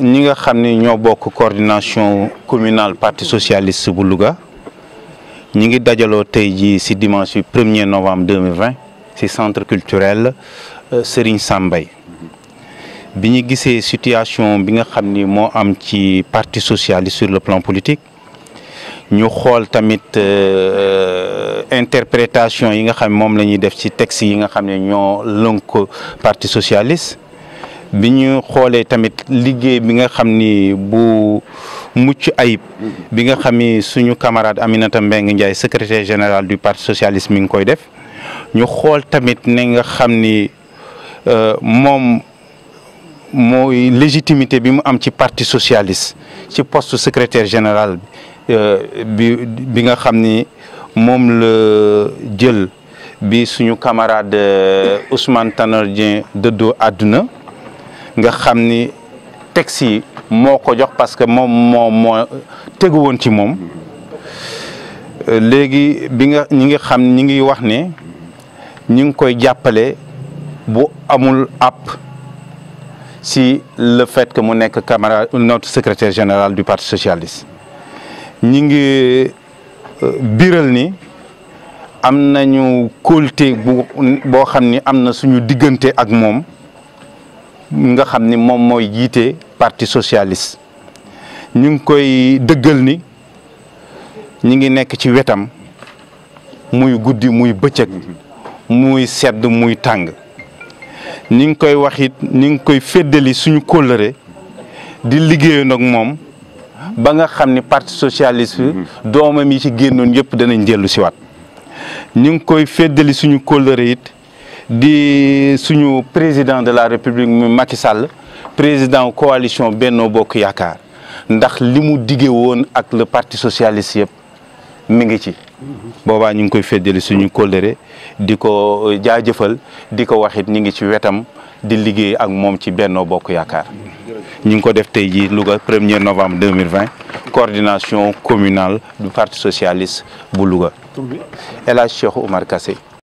Nous avons une coordination communale parti socialiste de Nous ñi ngi le dimanche 1er novembre 2020, C'est centre culturel euh, Serigne Sambay Nous avons une situation bi parti socialiste sur le plan politique Nous avons tamit euh, euh, interprétation yi nga xam la texte yi parti socialiste. bi ñu xoolee tamit liggéey bi nga xam ni bu mucc ayib bi nga xam ni suñu camarade Aminata Mbengue Ndiaye secrétaire général du parti socialiste mi ngi koy def ñu xool tamit ne nga xam ni euh, moom mooy légitimité bi mu am ci parti socialiste ci post secretaire général euh, bi bi nga xam ni moom la jël bi suñu camarade euh, Ousmane Tanor Dieng dëddoo àdduna nga xam ni texte yi moo ko jox parce que moom moo moo tegu woon ci moom léegi bi nga ñi ngi xam ñi ngi wax ni ñi ngi koy jàppale bu amul app si le fait que mu nekk camarade notre secretaire général du parti socialiste ñi ngi euh, biral ni am nañu kóolute bu boo xam ni am na suñu diggante ak moom nga xam ni moom mooy jiite parti socialiste ñu ngi koy dëggal ni ñu ngi nekk ci wetam muy guddi muy bëccëg muy sedd muy tàng ñu ngi koy waxit it ñu ngi koy féddali suñu kollëre di liggéeyandoog moom ba nga xam ni parti socialiste bi doomam yi ci génnoon yëpp danañ dellu siwaat ñu ngi koy féddali suñu kóllëre it di suñu président de la république mu Macky Sall président coalition Benno Bokk Yaakaar ndax li mu dige woon ak le parti socialiste yëpp mi ngi ci. boobaa ñu ngi koy feddali suñu kóllëre di ko jaajëfal di ko waxit ñu ngi ci wetam di liggéey ak moom ci Benno Bokk Yaakaar ñu ngi ko def tey jii Louga 1er novembre 2020 coordination communal du parti socialiste bu Louga El Hadj Cheikh Oumar